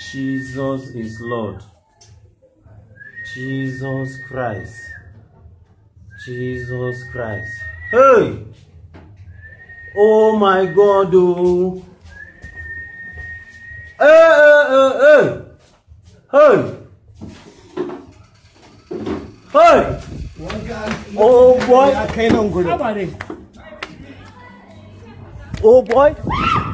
Jesus is Lord. Jesus Christ. Jesus Christ. Hey! Oh my God, oh! Hey, hey, hey, hey! Hey! Hey! Oh boy! I can't go. Oh boy!